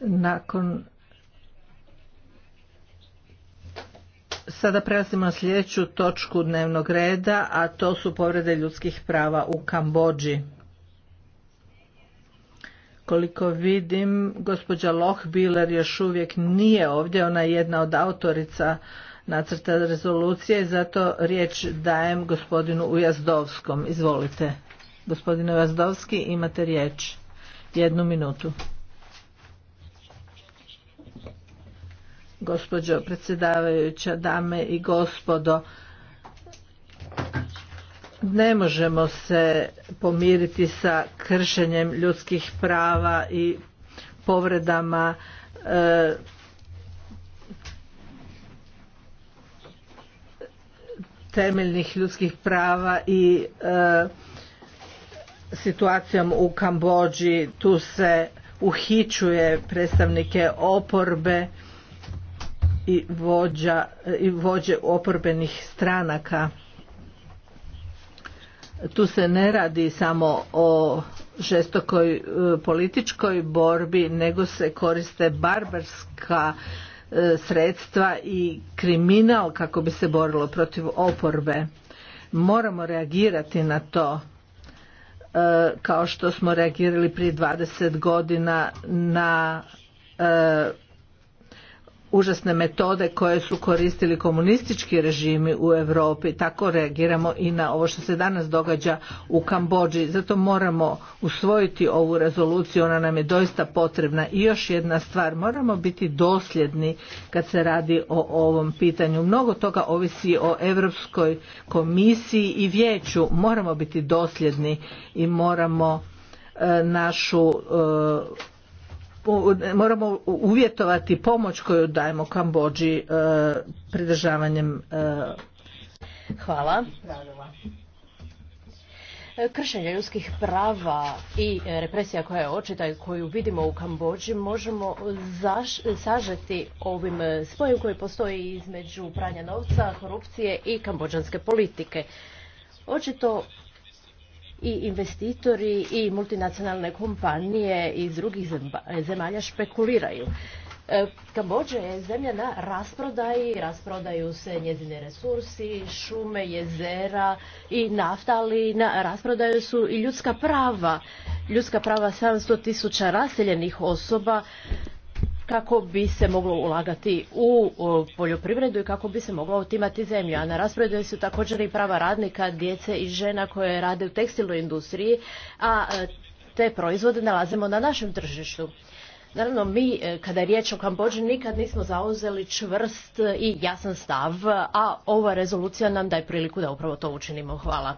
Nakon Sada prelazimo na sljedeću točku dnevnog reda, a to su povrede ljudskih prava u Kambođi. Koliko vidim, gospođa loh biller još uvijek nije ovdje, ona je jedna od autorica nacrta rezolucije, zato riječ dajem gospodinu Ujazdovskom. Izvolite. Gospodine Ujazdovski, imate riječ. Jednu minutu. gospođo predsjedavajuća, dame i gospodo. Ne možemo se pomiriti sa kršenjem ljudskih prava i povredama e, temeljnih ljudskih prava i e, situacijom u Kambođi. Tu se uhičuje predstavnike oporbe i, vođa, i vođe oporbenih stranaka. Tu se ne radi samo o žestokoj e, političkoj borbi, nego se koriste barbarska e, sredstva i kriminal kako bi se borilo protiv oporbe. Moramo reagirati na to e, kao što smo reagirali prije 20 godina na užasne metode koje su koristili komunistički režimi u Europi, tako reagiramo i na ovo što se danas događa u Kambodži. Zato moramo usvojiti ovu rezoluciju, ona nam je doista potrebna. I još jedna stvar, moramo biti dosljedni kad se radi o ovom pitanju. Mnogo toga ovisi o Europskoj komisiji i vijeću. Moramo biti dosljedni i moramo e, našu e, moramo uvjetovati pomoć koju dajemo Kambođi e, pridržavanjem e, Hvala. Kršenje ljudskih prava i represija koja je očita i koju vidimo u Kambođi možemo sažeti ovim spojem koji postoji između pranja novca, korupcije i kambođanske politike. Očito i investitori i multinacionalne kompanije iz drugih zemalja špekuliraju. E, Kambođa je zemlja na rasprodaji, rasprodaju se njezine resursi, šume, jezera i nafta, ali na rasprodaju su i ljudska prava. Ljudska prava 700.000 tisuća raseljenih osoba, kako bi se moglo ulagati u poljoprivredu i kako bi se moglo otimati zemlju. A na rasporedu su također i prava radnika, djece i žena koje rade u tekstilnoj industriji, a e, te proizvode nalazimo na našem tržištu. Naravno, mi e, kada je riječ o Kambođi nikad nismo zauzeli čvrst i jasan stav, a ova rezolucija nam daje priliku da upravo to učinimo. Hvala.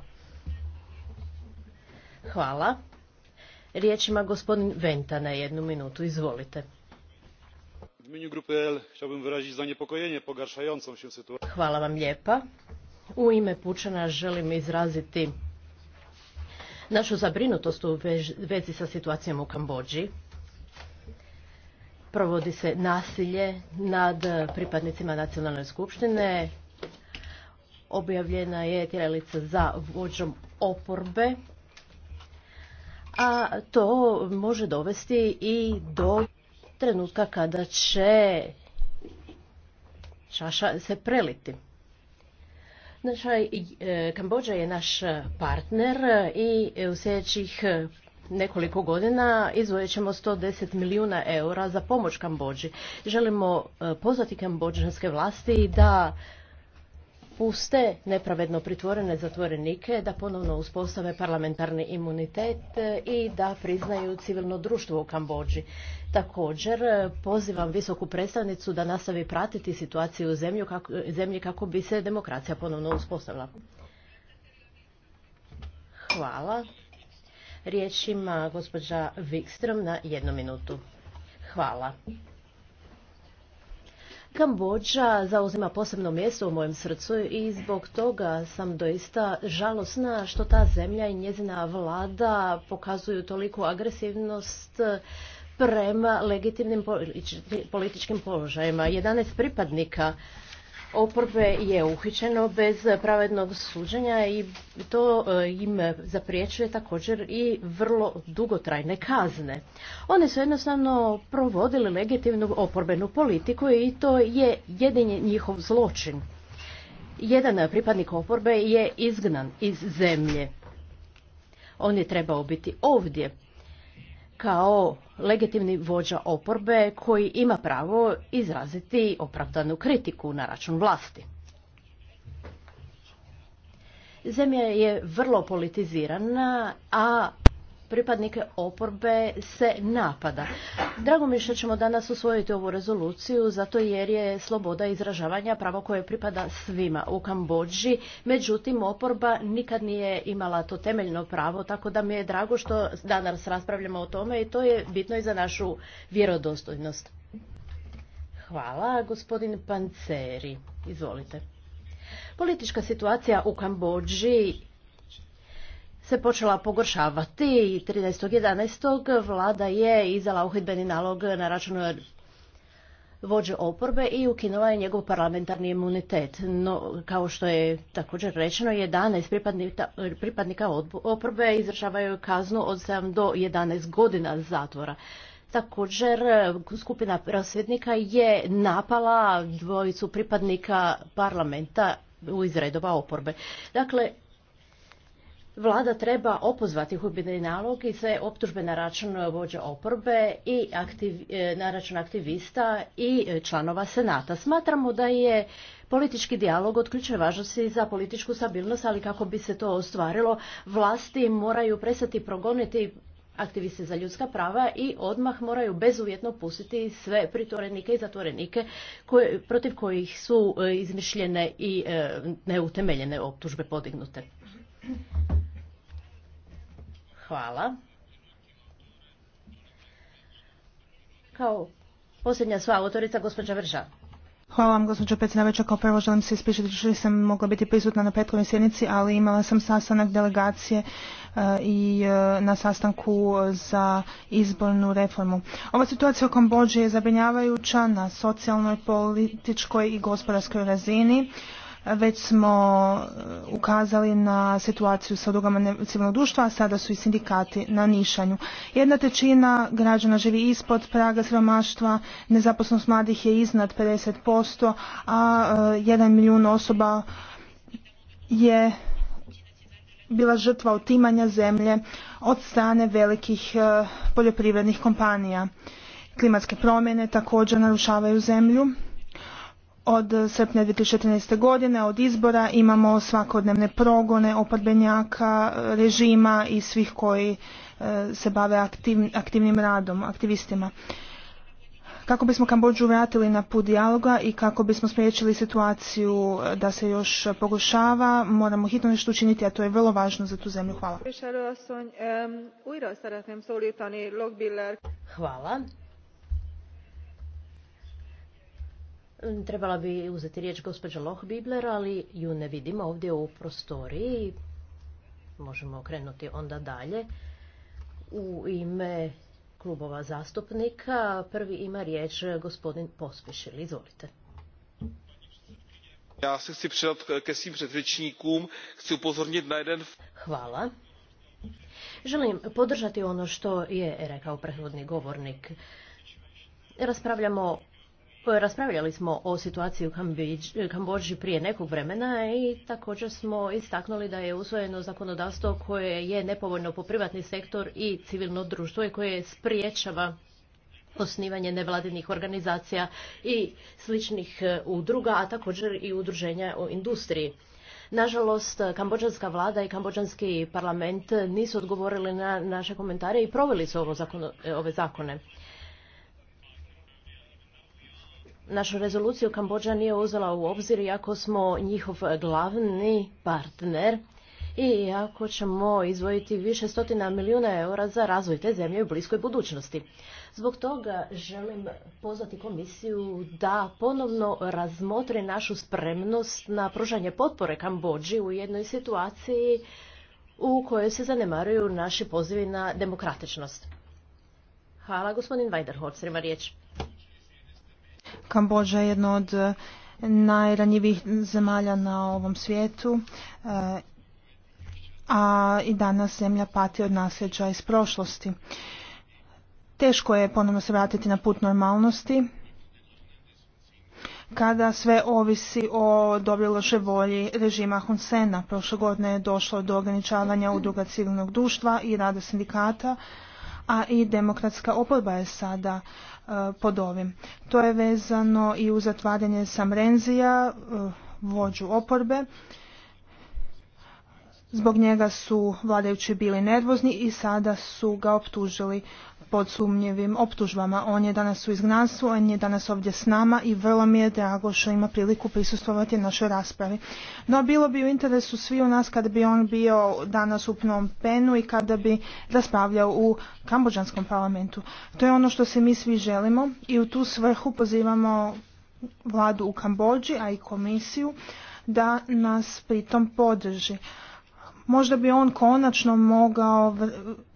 Hvala. Riječ ima gospodin Venta na jednu minutu. Izvolite imieniu grupy wyrazić zaniepokojenie pogarszającą się sytuacją. Hvala vam lijepa. U ime Pučana želim izraziti našu zabrinutost u vezi sa situacijom u kambodži Provodi se nasilje nad pripadnicima nacionalne skupštine. Objavljena je tjeralica za vođom oporbe, a to može dovesti i do trenutka kada će čaša se preliti. Naša, e, Kambođa je naš partner i e, u sljedećih e, nekoliko godina izvojit ćemo 110 milijuna eura za pomoć Kambođi. Želimo pozvati kambođanske vlasti da puste nepravedno pritvorene zatvorenike, da ponovno uspostave parlamentarni imunitet e, i da priznaju civilno društvo u Kambođi. Također e, pozivam visoku predstavnicu da nastavi pratiti situaciju u zemlji kako bi se demokracija ponovno uspostavila. Hvala. Riječ ima gospođa Wikström na jednu minutu. Hvala. Kambođa zauzima posebno mjesto u mojem srcu i zbog toga sam doista žalosna što ta zemlja i njezina vlada pokazuju toliku agresivnost prema legitimnim političkim položajima. 11 pripadnika oporbe je uhićeno bez pravednog suđenja i to e, im zapriječuje također i vrlo dugotrajne kazne. One su jednostavno provodili legitimnu oporbenu politiku i to je jedini njihov zločin. Jedan pripadnik oporbe je izgnan iz zemlje. On je trebao biti ovdje kao legitimni vođa oporbe koji ima pravo izraziti opravdanu kritiku na račun vlasti. Zemlja je vrlo politizirana, a pripadnike oporbe se napada. Drago mi je što ćemo danas usvojiti ovu rezoluciju zato jer je sloboda izražavanja pravo koje pripada svima u Kambođi. Međutim, oporba nikad nije imala to temeljno pravo, tako da mi je drago što danas raspravljamo o tome i to je bitno i za našu vjerodostojnost. Hvala, gospodin Panceri. Izvolite. Politička situacija u Kambođi se počela pogoršavati i 13.11. vlada je izdala uhidbeni nalog na račun vođe oporbe i ukinula je njegov parlamentarni imunitet. No, kao što je također rečeno, 11 pripadnika, pripadnika oporbe izražavaju kaznu od 7 do 11 godina zatvora. Također, skupina prosvjednika je napala dvojicu pripadnika parlamenta u izredova oporbe. Dakle, Vlada treba opozvati hubidni nalog i sve optužbe na račun vođa oporbe i aktiv, e, na račun aktivista i članova Senata. Smatramo da je politički dijalog od ključne važnosti za političku stabilnost, ali kako bi se to ostvarilo, vlasti moraju prestati progoniti aktiviste za ljudska prava i odmah moraju bezuvjetno pustiti sve pritvorenike i zatvorenike koje, protiv kojih su e, izmišljene i e, neutemeljene optužbe podignute. Hvala. Kao posljednja sva autorica, gospođa Vrža. Hvala vam, gospođo predsjedavajuća. Kao prvo želim se ispričati što sam mogla biti prisutna na petkovoj sjednici, ali imala sam sastanak delegacije e, i e, na sastanku za izbornu reformu. Ova situacija u Kambođi je zabrinjavajuća na socijalnoj, političkoj i gospodarskoj razini već smo e, ukazali na situaciju sa udrugama civilnog društva, a sada su i sindikati na nišanju. Jedna tečina građana živi ispod praga sromaštva, nezaposlenost mladih je iznad 50%, a e, jedan milijun osoba je bila žrtva otimanja zemlje od strane velikih e, poljoprivrednih kompanija. Klimatske promjene također narušavaju zemlju od srpnja 2014. godine, od izbora, imamo svakodnevne progone opadbenjaka, eh, režima i svih koji eh, se bave aktivnim radom, aktivistima. Kako bismo Kambođu vratili na put dijaloga i kako bismo spriječili situaciju eh, da se još pogošava, moramo hitno nešto učiniti, a to je vrlo važno za tu zemlju. Hvala. Mm, trebala bi uzeti riječ gospođa Lohbibler, ali ju ne vidimo ovdje u prostoriji. Možemo krenuti onda dalje. U ime klubova zastupnika prvi ima riječ gospodin Pospišil. Izvolite. Ja se chci na Hvala. Želim podržati ono što je rekao prethodni govornik. Raspravljamo Raspravljali smo o situaciji u Kambođi prije nekog vremena i također smo istaknuli da je usvojeno zakonodavstvo koje je nepovoljno po privatni sektor i civilno društvo i koje spriječava osnivanje nevladinih organizacija i sličnih e, udruga, a također i udruženja u industriji. Nažalost, kambođanska vlada i kambođanski parlament nisu odgovorili na naše komentare i proveli su e, ove zakone našu rezoluciju Kambođa nije uzela u obzir iako smo njihov glavni partner i ako ćemo izvojiti više stotina milijuna eura za razvoj te zemlje u bliskoj budućnosti. Zbog toga želim pozvati komisiju da ponovno razmotri našu spremnost na pružanje potpore Kambođi u jednoj situaciji u kojoj se zanemaruju naši pozivi na demokratičnost. Hvala, gospodin Vajderholc, ima riječ. Kambođa je jedna od eh, najranjivijih zemalja na ovom svijetu, eh, a i danas zemlja pati od nasljeđa iz prošlosti. Teško je ponovno se vratiti na put normalnosti, kada sve ovisi o dobroj volji režima Hunsena. Prošle godine je došlo do ograničavanja udruga civilnog društva i rada sindikata, a i demokratska oporba je sada E, pod ovim. To je vezano i uz zatvaranje Samrenzija, e, vođu oporbe. Zbog njega su vladajući bili nervozni i sada su ga optužili pod sumnjivim optužbama. On je danas u izgnanstvu, on je danas ovdje s nama i vrlo mi je drago što ima priliku prisustovati našoj raspravi. No bilo bi u interesu svi u nas kada bi on bio danas u Phnom Penu i kada bi raspravljao u Kambođanskom parlamentu. To je ono što se mi svi želimo i u tu svrhu pozivamo vladu u Kambođi, a i komisiju da nas pritom podrži možda bi on konačno mogao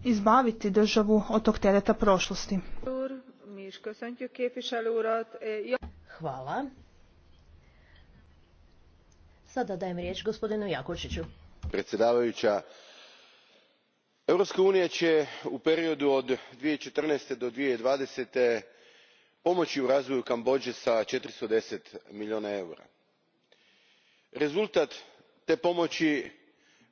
izbaviti državu od tog tereta prošlosti. E, Hvala. Sada dajem riječ gospodinu Jakočiću. Predsjedavajuća, Europska unija će u periodu od 2014. do 2020. pomoći u razvoju Kambođe sa 410 milijuna eura. Rezultat te pomoći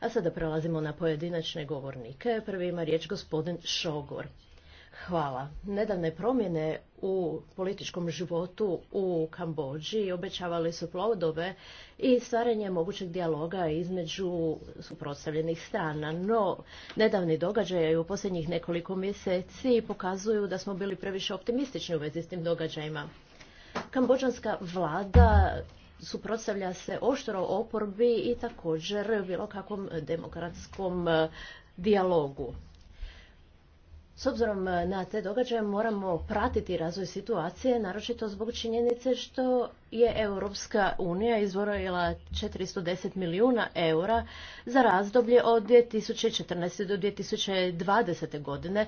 A sada prelazimo na pojedinačne govornike. Prvi ima riječ gospodin Šogor. Hvala. Nedavne promjene u političkom životu u Kambođi obećavali su plodove i stvaranje mogućeg dijaloga između suprotstavljenih strana. No, nedavni događaji u posljednjih nekoliko mjeseci pokazuju da smo bili previše optimistični u vezi s tim događajima. Kambođanska vlada suprotstavlja se oštro oporbi i također bilo kakvom demokratskom eh, dijalogu. S obzirom e, na te događaje moramo pratiti razvoj situacije, naročito zbog činjenice što je Europska unija izvorila 410 milijuna eura za razdoblje od 2014. do 2020. godine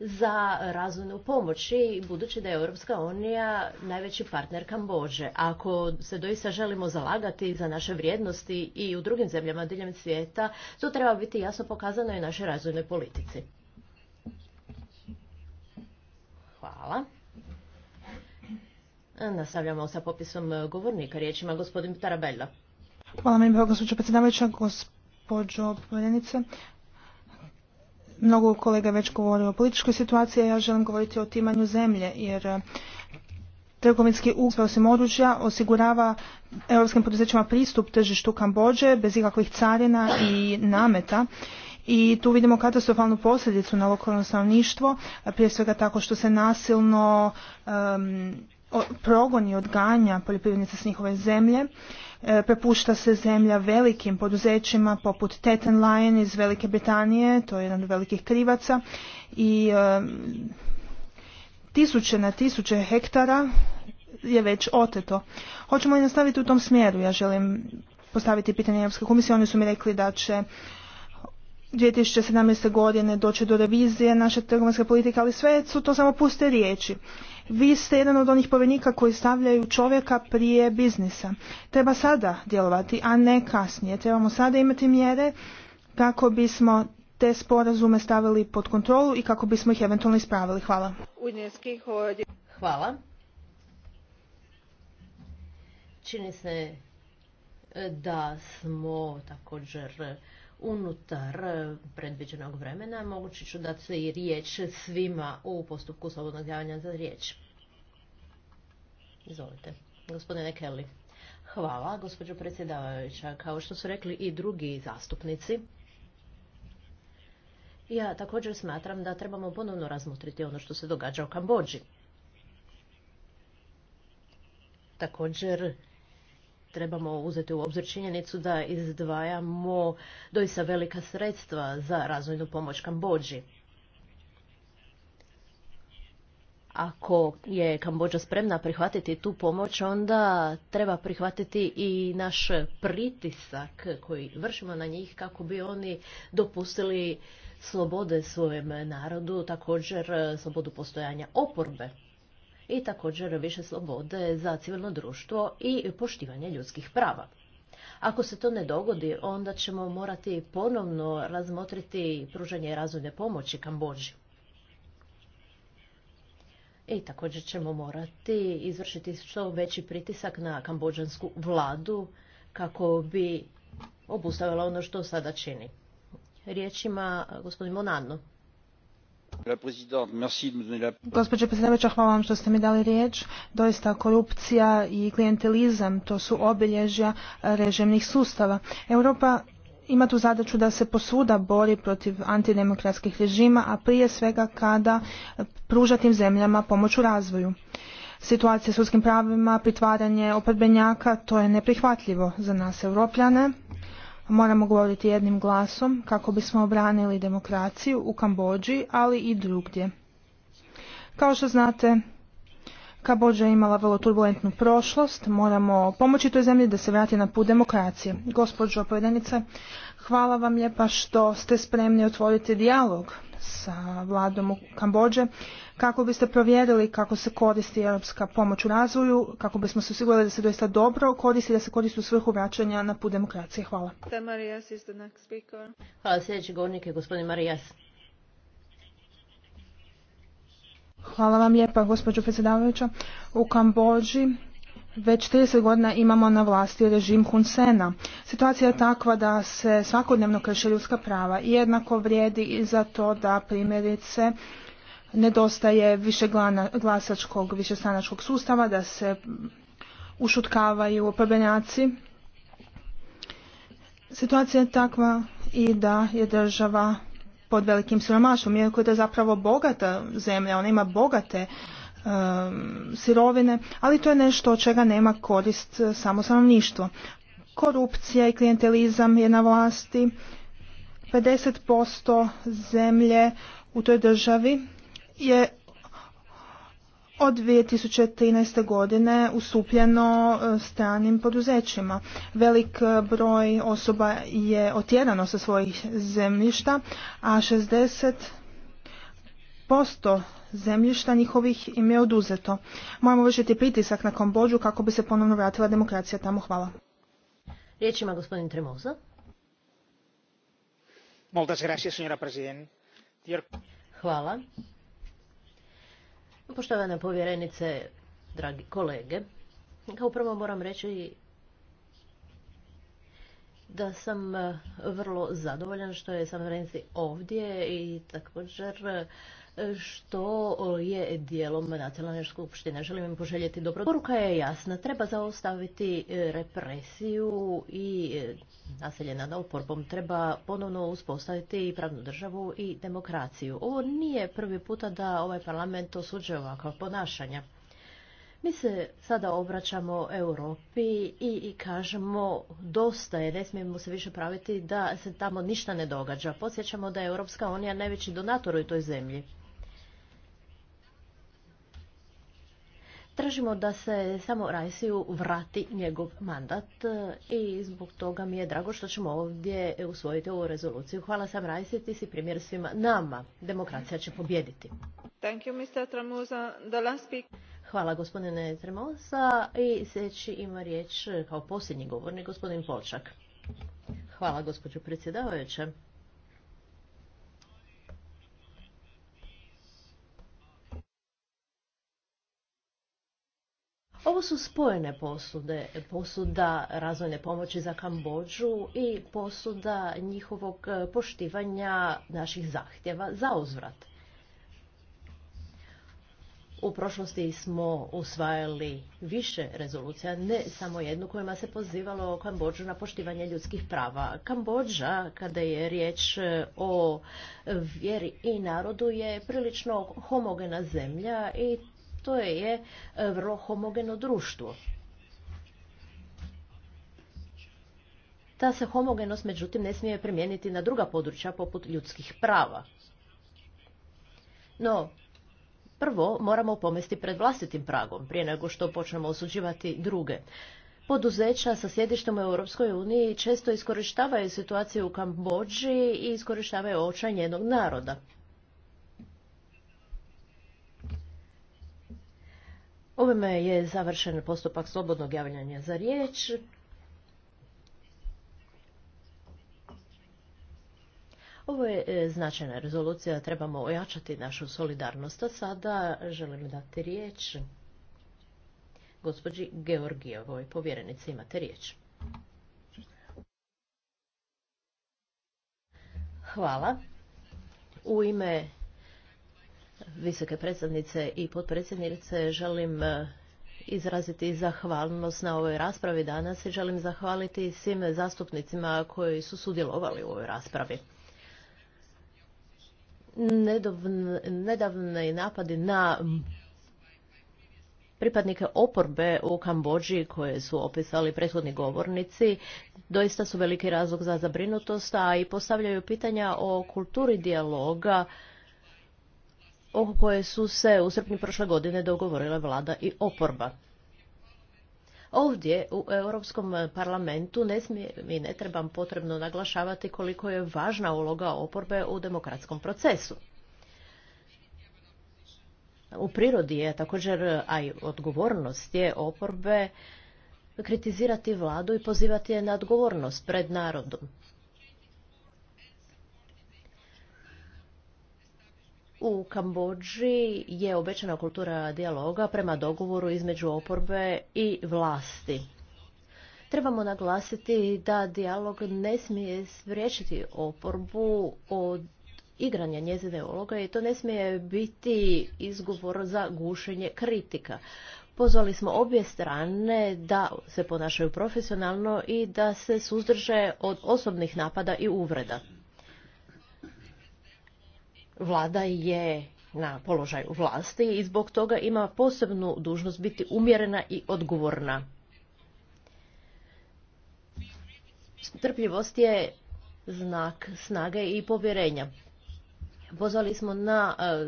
za razvojnu pomoć i budući da je Europska unija najveći partner Kambođe. Ako se doista želimo zalagati za naše vrijednosti i u drugim zemljama diljem svijeta, to treba biti jasno pokazano i našoj razvojnoj politici. Hvala. Nastavljamo sa popisom e, govornika. Riječima gospodin Tarabella. Hvala mi, gospođo predsjedavajuća, gospođo povjerenice. Mnogo kolega već govorio o političkoj situaciji, a ja želim govoriti o timanju zemlje, jer e, trgovinski ugovor osim oružja osigurava europskim poduzećima pristup tržištu Kambođe bez ikakvih carina i nameta i tu vidimo katastrofalnu posljedicu na lokalno stanovništvo, prije svega tako što se nasilno um, progoni odganja poljoprivrednica s njihove zemlje. E, prepušta se zemlja velikim poduzećima poput Teten Lion iz Velike Britanije, to je jedan od velikih krivaca i e, tisuće na tisuće hektara je već oteto. Hoćemo li nastaviti u tom smjeru? Ja želim postaviti pitanje Europske komisije. Oni su mi rekli da će 2017. godine doći do revizije naše trgovinske politike, ali sve su to samo puste riječi. Vi ste jedan od onih povjenika koji stavljaju čovjeka prije biznisa. Treba sada djelovati, a ne kasnije. Trebamo sada imati mjere kako bismo te sporazume stavili pod kontrolu i kako bismo ih eventualno ispravili. Hvala. Hvala. Čini se e, da smo također unutar e, predviđenog vremena. Moguće ću dati i riječ svima u postupku slobodnog javanja za riječ. Izvolite. Gospodine Kelly. Hvala, gospođo predsjedavajuća. Kao što su rekli i drugi zastupnici, ja također smatram da trebamo ponovno razmotriti ono što se događa u Kambođi. Također trebamo uzeti u obzir činjenicu da izdvajamo doista velika sredstva za razvojnu pomoć Kambođi. Ako je Kambođa spremna prihvatiti tu pomoć, onda treba prihvatiti i naš pritisak koji vršimo na njih kako bi oni dopustili slobode svojem narodu, također slobodu postojanja oporbe i također više slobode za civilno društvo i poštivanje ljudskih prava. Ako se to ne dogodi, onda ćemo morati ponovno razmotriti pružanje razvojne pomoći Kambođi. I također ćemo morati izvršiti što veći pritisak na kambođansku vladu kako bi obustavila ono što sada čini. Riječ ima gospodin Monano. Gospođo predsjednice hvala vam što ste mi dali riječ. Doista korupcija i klijentelizam to su obilježja režimnih sustava. Europa ima tu zadaću da se posvuda bori protiv antidemokratskih režima, a prije svega kada pruža tim zemljama pomoć u razvoju. Situacija s ljudskim pravima, pritvaranje opadbenjaka, to je neprihvatljivo za nas europljane moramo govoriti jednim glasom kako bismo obranili demokraciju u Kambođi, ali i drugdje. Kao što znate, Kambođa je imala vrlo turbulentnu prošlost, moramo pomoći toj zemlji da se vrati na put demokracije. Gospođo povjerenice, hvala vam lijepa što ste spremni otvoriti dijalog sa vladom u Kambođe kako biste provjerili kako se koristi europska pomoć u razvoju, kako bismo se osigurali da se doista dobro koristi, da se koristi u svrhu vraćanja na put demokracije. Hvala. Hvala, sljedeći govornik je gospodin Marijas. Hvala vam lijepa, gospođo predsjedavajuća. U Kambođi već 30 godina imamo na vlasti režim Hunsena. Situacija je takva da se svakodnevno krše ljudska prava i jednako vrijedi i za to da primjerice nedostaje više glasačkog, stanačkog sustava, da se ušutkavaju oprbenjaci. Situacija je takva i da je država pod velikim siromaštvom, iako je zapravo bogata zemlja, ona ima bogate um, sirovine, ali to je nešto od čega nema korist samo stanovništvo korupcija i klijentelizam je na vlasti. 50% zemlje u toj državi je od 2013. godine usupljeno e, stranim poduzećima. Velik e, broj osoba je otjerano sa svojih zemljišta, a 60% zemljišta njihovih im je oduzeto. Moramo vršiti pritisak na Kambođu kako bi se ponovno vratila demokracija tamo. Hvala. Riječ ima gospodin Hvala. Poštovana povjerenice, dragi kolege, kao prvo moram reći da sam eh, vrlo zadovoljan što je sam Renzi ovdje i također što je dijelom nacionalne skupštine. Želim im poželjeti dobro. Poruka je jasna, treba zaustaviti e, represiju i e, naseljena na oporbom. Treba ponovno uspostaviti i pravnu državu i demokraciju. Ovo nije prvi puta da ovaj parlament osuđuje ovakva ponašanja. Mi se sada obraćamo Europi i, kažemo dosta je, ne smijemo se više praviti da se tamo ništa ne događa. Podsjećamo da je Europska unija najveći donator u toj zemlji. Tražimo da se samo Rajsiju vrati njegov mandat e, i zbog toga mi je drago što ćemo ovdje usvojiti ovu rezoluciju. Hvala sam Rajsi, ti si primjer svima nama. Demokracija će pobjediti. Thank you, Mr. Hvala gospodine Tremosa i sljedeći ima riječ e, kao posljednji govornik gospodin Polčak. Hvala gospođo predsjedavajuće. Ovo su spojene posude, posuda razvojne pomoći za Kambođu i posuda njihovog e, poštivanja naših zahtjeva za uzvrat. U prošlosti smo usvajali više rezolucija, ne samo jednu kojima se pozivalo Kambođu na poštivanje ljudskih prava. Kambođa, kada je riječ e, o vjeri i narodu, je prilično homogena zemlja i to je e, vrlo homogeno društvo. Ta se homogenost, međutim, ne smije primijeniti na druga područja poput ljudskih prava. No, prvo moramo pomesti pred vlastitim pragom, prije nego što počnemo osuđivati druge. Poduzeća sa sjedištem u Europskoj uniji često iskorištavaju situaciju u Kambođi i iskorištavaju očaj njenog naroda. Ovime je završen postupak slobodnog javljanja za riječ. Ovo je e, značajna rezolucija, trebamo ojačati našu solidarnost. A sada želim dati riječ gospođi Georgijevoj povjerenici. Imate riječ. Hvala. U ime visoke predstavnice i potpredsjednice želim e, izraziti zahvalnost na ovoj raspravi danas i želim zahvaliti svim zastupnicima koji su sudjelovali u ovoj raspravi. Nedavni napadi na pripadnike oporbe u Kambođi koje su opisali prethodni govornici doista su veliki razlog za zabrinutost, a i postavljaju pitanja o kulturi dijaloga oko koje su se u srpnju prošle godine dogovorile vlada i oporba. Ovdje u Europskom parlamentu ne i ne trebam potrebno naglašavati koliko je važna uloga oporbe u demokratskom procesu. U prirodi je također, a i odgovornost je oporbe, kritizirati vladu i pozivati je na odgovornost pred narodom. U Kambođi je obećana kultura dijaloga prema dogovoru između oporbe i vlasti. Trebamo naglasiti da dijalog ne smije spriječiti oporbu od igranja njezine uloge i to ne smije biti izgovor za gušenje kritika. Pozvali smo obje strane da se ponašaju profesionalno i da se suzdrže od osobnih napada i uvreda vlada je na položaju vlasti i zbog toga ima posebnu dužnost biti umjerena i odgovorna. Strpljivost je znak snage i povjerenja. Pozvali smo na e,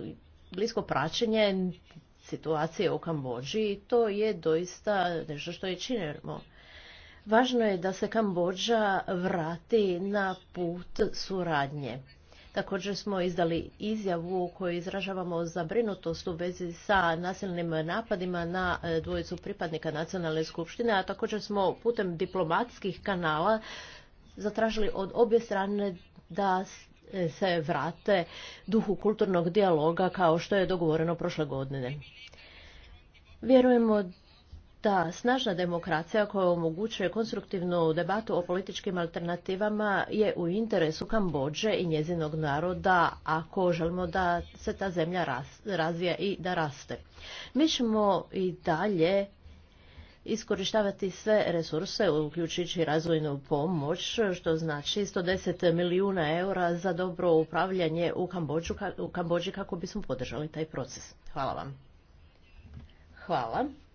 blisko praćenje situacije u Kambođi i to je doista nešto što je činimo. Važno je da se Kambođa vrati na put suradnje. Također smo izdali izjavu u kojoj izražavamo zabrinutost u vezi sa nasilnim napadima na e, dvojicu pripadnika nacionalne skupštine, a također smo putem diplomatskih kanala zatražili od obje strane da e, se vrate duhu kulturnog dijaloga kao što je dogovoreno prošle godine. Vjerujemo da snažna demokracija koja omogućuje konstruktivnu debatu o političkim alternativama je u interesu Kambođe i njezinog naroda ako želimo da se ta zemlja razvija i da raste. Mi ćemo i dalje iskorištavati sve resurse, uključujući razvojnu pomoć, što znači 110 milijuna eura za dobro upravljanje u, u Kambođi kako bismo podržali taj proces. Hvala vam. Hvala.